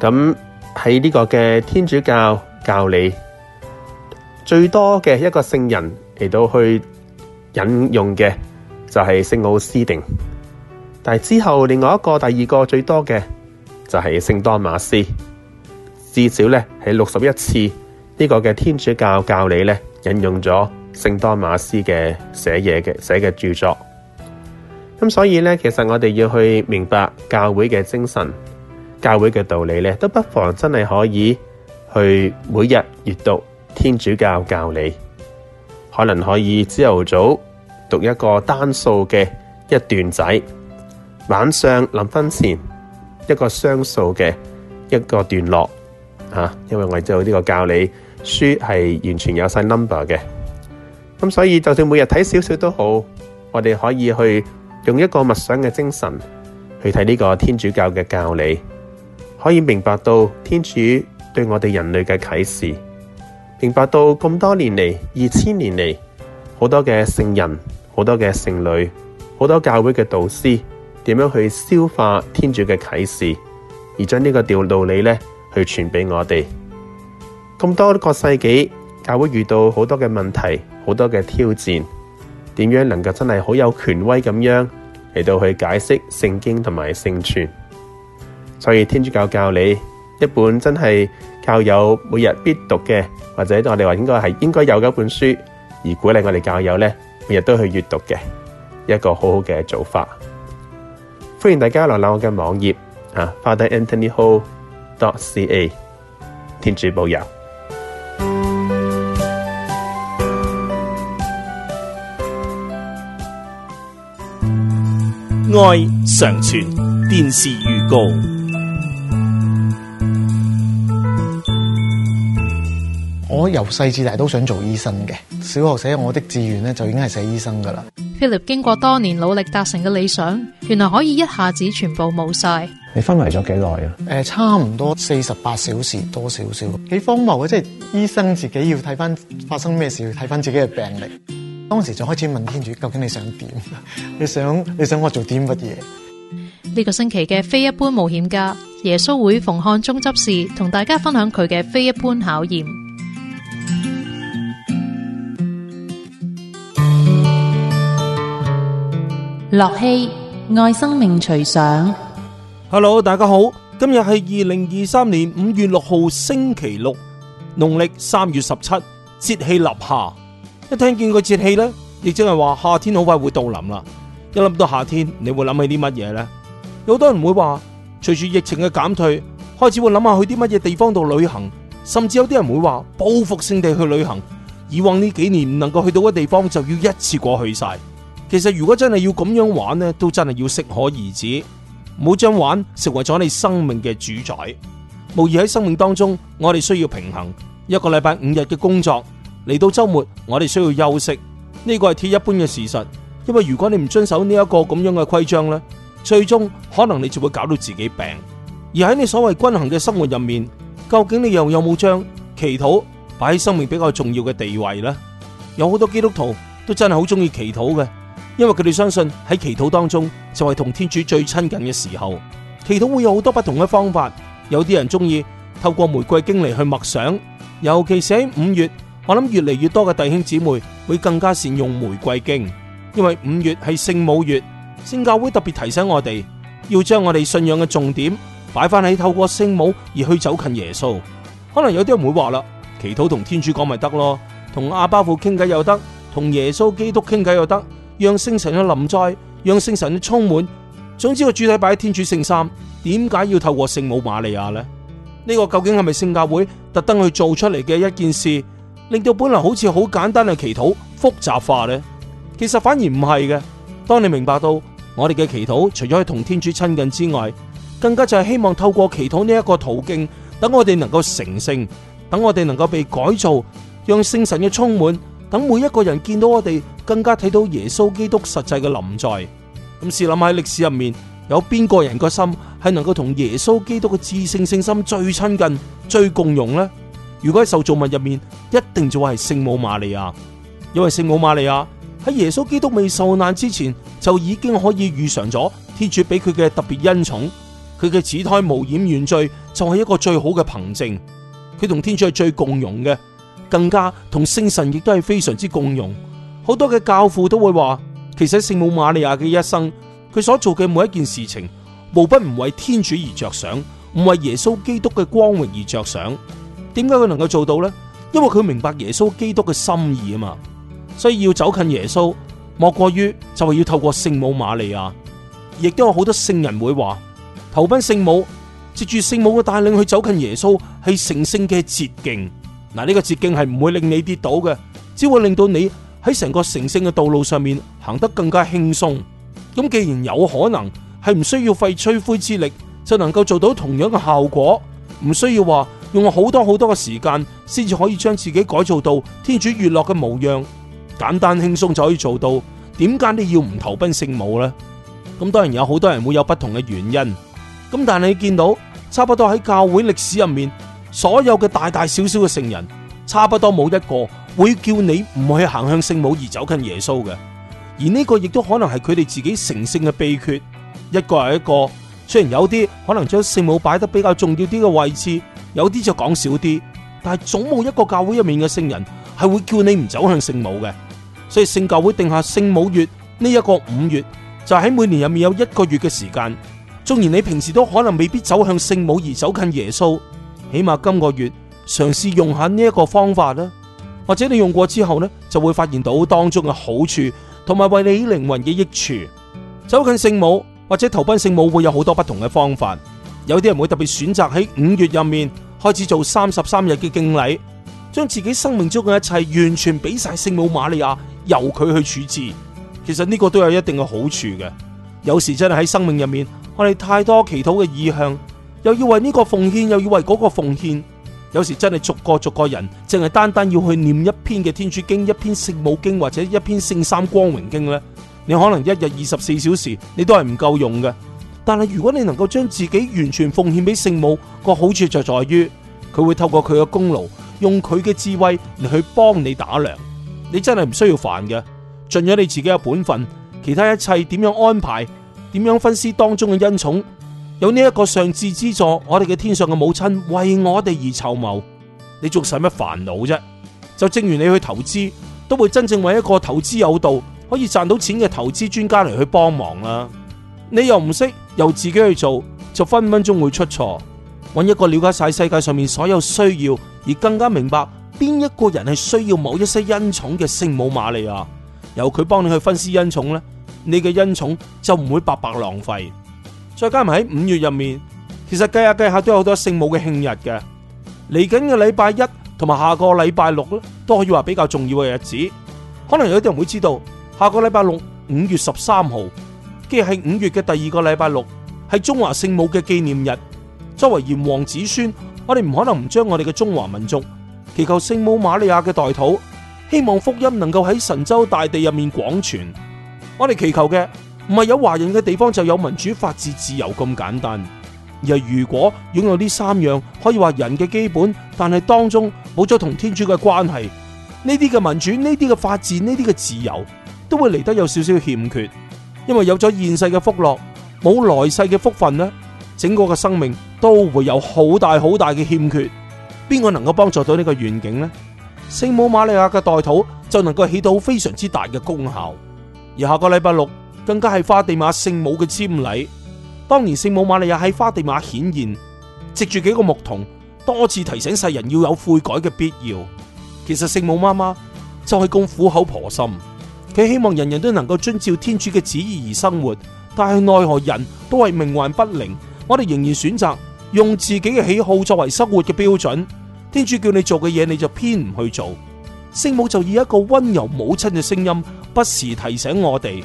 咁喺呢個嘅天主教教理。最多嘅一個聖人嚟到去引用嘅就係聖奧斯定，但係之後另外一個第二個最多嘅就係聖多馬斯，至少咧喺六十一次呢、這個嘅天主教教理咧引用咗聖多馬斯嘅寫嘢嘅寫嘅著作。咁所以咧，其實我哋要去明白教會嘅精神、教會嘅道理咧，都不妨真係可以去每日閱讀。天主教教理，可能可以朝頭早讀一個單數嘅一段仔，晚上臨瞓前一個雙數嘅一個段落啊，因為我哋知道呢個教理書係完全有晒 number 嘅，咁所以就算每日睇少少都好，我哋可以去用一個默想嘅精神去睇呢個天主教嘅教理，可以明白到天主對我哋人類嘅啟示。明白到咁多年嚟，二千年嚟，好多嘅聖人，好多嘅聖女，好多教會嘅導師，點樣去消化天主嘅啟示，而將個呢個條道理咧去傳俾我哋。咁多個世紀，教會遇到好多嘅問題，好多嘅挑戰，點樣能夠真係好有權威咁樣嚟到去解釋聖經同埋聖傳？所以天主教教理一本真係。教友每日必讀嘅，或者我哋話應該係應該有嘅一本書，而鼓勵我哋教友咧，每日都去閱讀嘅一個好好嘅做法。歡迎大家瀏覽我嘅網頁，啊，fatheranthonyho.ca，t 天主保佑，愛常傳電視預告。我由細至大都想做醫生嘅。小學寫我的志願咧，就已經係寫醫生噶啦。Philip 經過多年努力達成嘅理想，原來可以一下子全部冇晒。你昏迷咗幾耐啊？誒，差唔多四十八小時多少少。幾荒謬啊！即係醫生自己要睇翻發生咩事，要睇翻自己嘅病歷。當時就開始問天主，究竟你想點？ 你想你想我做啲乜嘢？呢個星期嘅非一般冒險家，耶穌會馮漢忠執事同大家分享佢嘅非一般考驗。駱曦愛生命隨想，Hello，大家好，今日係二零二三年五月六號星期六，農曆三月十七，節氣立夏。一聽見個節氣呢，亦即係話夏天好快會到臨啦。一諗到夏天，你會諗起啲乜嘢呢？有好多人會話，隨住疫情嘅減退，開始會諗下去啲乜嘢地方度旅行，甚至有啲人會話報復性地去旅行，以往呢幾年唔能夠去到嘅地方，就要一次過去晒。其實如果真係要咁樣玩呢，都真係要適可而止，唔好將玩成為咗你生命嘅主宰。無疑喺生命當中，我哋需要平衡一個禮拜五日嘅工作，嚟到周末我哋需要休息，呢個係鐵一般嘅事實。因為如果你唔遵守呢一個咁樣嘅規章呢，最終可能你就會搞到自己病。而喺你所謂均衡嘅生活入面，究竟你又有冇將祈禱擺喺生命比較重要嘅地位呢？有好多基督徒都真係好中意祈禱嘅。因為佢哋相信喺祈禱當中就係同天主最親近嘅時候。祈禱會有好多不同嘅方法，有啲人中意透過玫瑰經嚟去默想，尤其是喺五月，我諗越嚟越多嘅弟兄姊妹會更加善用玫瑰經，因為五月係聖母月，聖教會特別提醒我哋要將我哋信仰嘅重點擺翻喺透過聖母而去走近耶穌。可能有啲人會話啦，祈禱同天主講咪得咯，同阿巴父傾偈又得，同耶穌基督傾偈又得。讓聖神嘅臨在，讓聖神嘅充滿。總之個主題擺喺天主聖三，點解要透過聖母瑪利亞呢？呢個究竟係咪聖教會特登去做出嚟嘅一件事，令到本來好似好簡單嘅祈禱複雜化呢？其實反而唔係嘅。當你明白到我哋嘅祈禱，除咗去同天主親近之外，更加就係希望透過祈禱呢一個途徑，等我哋能夠成聖，等我哋能夠被改造，讓聖神嘅充滿。等每一個人見到我哋，更加睇到耶穌基督實際嘅臨在。咁試諗喺歷史入面，有邊個人個心係能夠同耶穌基督嘅至聖聖心最親近、最共融呢？如果喺受造物入面，一定就會係聖母瑪利亞，因為聖母瑪利亞喺耶穌基督未受難之前就已經可以預嘗咗天主俾佢嘅特別恩寵，佢嘅始胎無染原罪就係一個最好嘅憑證，佢同天主係最共融嘅。更加同聖神亦都係非常之共融。好多嘅教父都會話，其實聖母瑪利亞嘅一生，佢所做嘅每一件事情，無不唔為天主而着想，唔為耶穌基督嘅光榮而着想。點解佢能夠做到呢？因為佢明白耶穌基督嘅心意啊嘛。所以要走近耶穌，莫過於就係要透過聖母瑪利亞，亦都有好多聖人會話，投奔聖母，接住聖母嘅帶領去走近耶穌，係成聖嘅捷徑。嗱，呢個捷徑係唔會令你跌倒嘅，只會令到你喺成個成聖嘅道路上面行得更加輕鬆。咁既然有可能係唔需要費吹灰之力就能夠做到同樣嘅效果，唔需要話用好多好多嘅時間先至可以將自己改造到天主悅樂嘅模樣，簡單輕鬆就可以做到。點解你要唔投奔聖母呢？咁當然有好多人會有不同嘅原因。咁但係你見到，差不多喺教會歷史入面。所有嘅大大小小嘅聖人，差不多冇一個會叫你唔去行向聖母而走近耶穌嘅。而呢個亦都可能係佢哋自己成聖嘅秘訣。一個係一個，雖然有啲可能將聖母擺得比較重要啲嘅位置，有啲就講少啲，但係總冇一個教會入面嘅聖人係會叫你唔走向聖母嘅。所以聖教會定下聖母月呢一個、這個五月，就喺、是、每年入面有一個月嘅時間。縱然你平時都可能未必走向聖母而走近耶穌。起碼今個月嘗試用下呢一個方法啦，或者你用過之後呢，就會發現到當中嘅好處，同埋為你靈魂嘅益處。走近聖母或者投奔聖母，會有好多不同嘅方法。有啲人會特別選擇喺五月入面開始做三十三日嘅敬禮，將自己生命中嘅一切完全俾晒聖母瑪利亞，由佢去處置。其實呢個都有一定嘅好處嘅。有時真係喺生命入面，我哋太多祈禱嘅意向。又要為呢個奉獻，又要為嗰個奉獻，有時真係逐個逐個人，淨係單單要去念一篇嘅天主經、一篇聖母經或者一篇聖三光榮經呢。你可能一日二十四小時，你都係唔夠用嘅。但係如果你能夠將自己完全奉獻俾聖母，個好處就在於佢會透過佢嘅功勞，用佢嘅智慧嚟去幫你打量。你真係唔需要煩嘅。盡咗你自己嘅本分，其他一切點樣安排，點樣分施當中嘅恩寵。有呢一個上智之助，我哋嘅天上嘅母親為我哋而籌謀，你仲使乜煩惱啫？就正如你去投資，都會真正為一個投資有道可以賺到錢嘅投資專家嚟去幫忙啦。你又唔識又自己去做，就分分鐘會出錯。搵一個了解晒世界上面所有需要，而更加明白邊一個人係需要某一些恩寵嘅聖母瑪利亞，由佢幫你去分施恩寵呢，你嘅恩寵就唔會白白浪費。再加埋喺五月入面，其實計下計下都有好多聖母嘅慶日嘅。嚟緊嘅禮拜一同埋下個禮拜六都可以話比較重要嘅日子。可能有啲人會知道，下個禮拜六五月十三號，即係五月嘅第二個禮拜六，係中華聖母嘅紀念日。作為炎黃子孫，我哋唔可能唔將我哋嘅中華民族祈求聖母瑪利亞嘅代禱，希望福音能夠喺神州大地入面廣傳。我哋祈求嘅。唔係有華人嘅地方就有民主、法治、自由咁簡單。而係如果擁有呢三樣，可以話人嘅基本，但係當中冇咗同天主嘅關係，呢啲嘅民主、呢啲嘅法治、呢啲嘅自由，都會嚟得有少少欠缺。因爲有咗現世嘅福樂，冇來世嘅福分，呢整個嘅生命都會有好大好大嘅欠缺。邊個能夠幫助到呢個願景呢？聖母瑪利亞嘅代禱就能夠起到非常之大嘅功效。而下個禮拜六。更加係花地瑪聖母嘅瞻禮。當年聖母瑪利亞喺花地瑪顯現，藉住幾個牧童，多次提醒世人要有悔改嘅必要。其實聖母媽媽就係咁苦口婆心，佢希望人人都能夠遵照天主嘅旨意而生活。但係奈何人都係冥頑不靈，我哋仍然選擇用自己嘅喜好作為生活嘅標準。天主叫你做嘅嘢，你就偏唔去做。聖母就以一個溫柔母親嘅聲音，不時提醒我哋。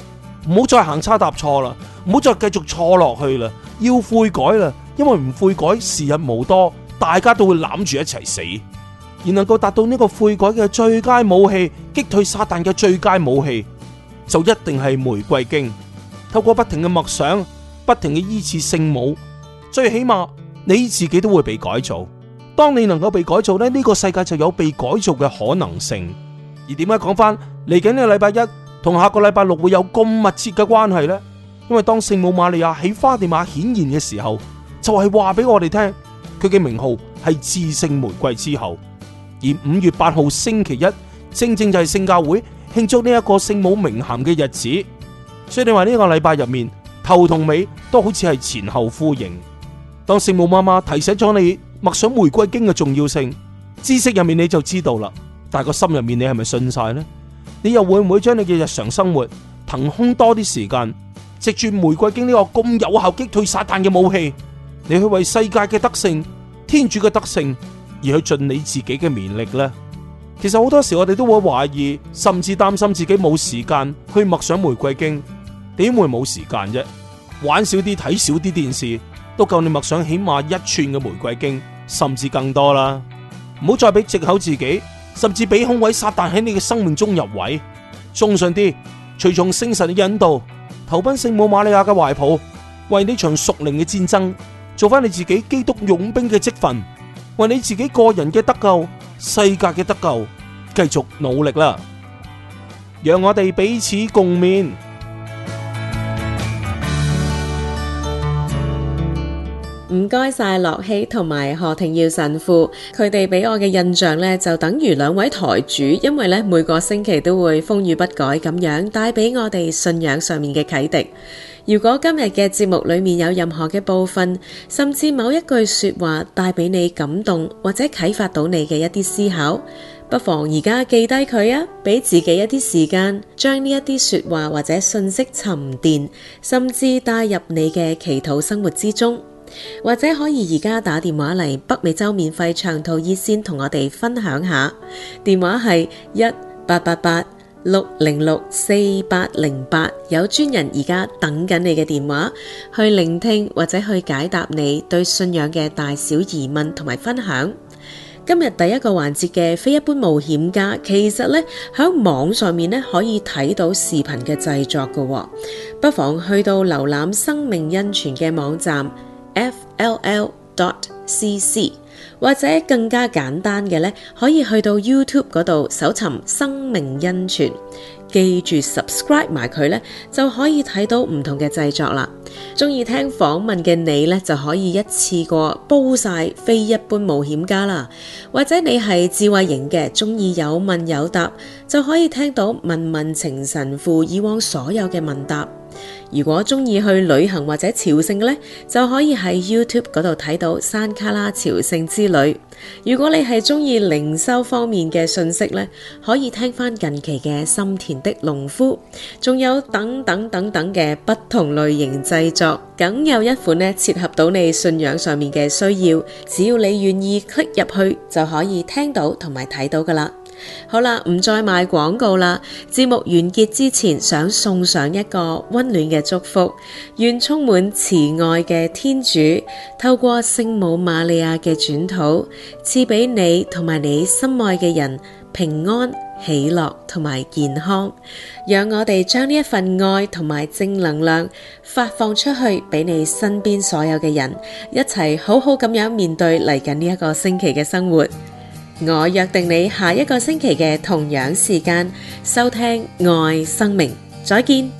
唔好再行差踏錯啦，唔好再繼續錯落去啦，要悔改啦，因為唔悔改時日無多，大家都會攬住一齊死。而能夠達到呢個悔改嘅最佳武器，擊退撒旦嘅最佳武器，就一定係玫瑰經。透過不停嘅默想，不停嘅依次聖母，最起碼你自己都會被改造。當你能夠被改造咧，呢個世界就有被改造嘅可能性。而點解講翻嚟緊呢個禮拜一？同下個禮拜六會有咁密切嘅關係呢？因為當聖母瑪利亞喺花地瑪顯現嘅時候，就係話俾我哋聽，佢嘅名號係至聖玫瑰之后。而五月八號星期一正正就係聖教會慶祝呢一個聖母名銜嘅日子。所以你話呢個禮拜入面頭同尾都好似係前後呼應。當聖母媽媽提醒咗你默想玫瑰經嘅重要性，知識入面你就知道啦，但係個心入面你係咪信晒呢？你又會唔會將你嘅日常生活騰空多啲時間，藉住玫瑰經呢個咁有效擊退撒旦嘅武器，你去為世界嘅得勝、天主嘅得勝而去盡你自己嘅綿力呢？其實好多時我哋都會懷疑，甚至擔心自己冇時間去默想玫瑰經，點會冇時間啫？玩少啲，睇少啲電視，都夠你默想起碼一串嘅玫瑰經，甚至更多啦！唔好再俾借口自己。甚至俾空位撒旦喺你嘅生命中入位，忠信啲，隨從聖神嘅引導，投奔聖母瑪利亞嘅懷抱，為呢場屬靈嘅戰爭做翻你自己基督勇兵嘅積分，為你自己個人嘅得救、世界嘅得救，繼續努力啦！讓我哋彼此共勉。唔該晒，駱曦同埋何庭耀神父，佢哋俾我嘅印象呢，就等於兩位台主，因為呢每個星期都會風雨不改咁樣帶俾我哋信仰上面嘅啟迪。如果今日嘅節目裏面有任何嘅部分，甚至某一句說話帶俾你感動或者啟發到你嘅一啲思考，不妨而家記低佢啊，俾自己一啲時間，將呢一啲說話或者信息沉澱，甚至帶入你嘅祈禱生活之中。或者可以而家打電話嚟北美洲免費長途熱線，同我哋分享下。電話係一八八八六零六四八零八，有專人而家等緊你嘅電話，去聆聽或者去解答你對信仰嘅大小疑問同埋分享。今日第一個環節嘅非一般冒險家，其實咧響網上面咧可以睇到視頻嘅製作噶，不妨去到瀏覽生命恩泉嘅網站。fll.dot.cc 或者更加簡單嘅呢可以去到 YouTube 嗰度搜尋生命恩泉，記住 subscribe 埋佢呢就可以睇到唔同嘅製作啦。中意聽訪問嘅你呢就可以一次過煲晒「非一般冒險家」啦。或者你係智慧型嘅，中意有問有答，就可以聽到問問情神父以往所有嘅問答。如果中意去旅行或者朝聖呢，就可以喺 YouTube 嗰度睇到山卡拉朝聖之旅。如果你係中意靈修方面嘅信息呢，可以聽返近期嘅心田的農夫，仲有等等等等嘅不同類型製作，梗有一款呢，切合到你信仰上面嘅需要。只要你願意 click 入去，就可以聽到同埋睇到㗎喇。好啦，唔再賣廣告啦。節目完結之前，想送上一個溫暖嘅祝福，願充滿慈愛嘅天主透過聖母瑪利亞嘅轉禱，賜俾你同埋你心愛嘅人平安、喜樂同埋健康。讓我哋將呢一份愛同埋正能量發放出去，俾你身邊所有嘅人，一齊好好咁樣面對嚟緊呢一個星期嘅生活。我約定你下一個星期嘅同樣時間收聽愛生命，再見。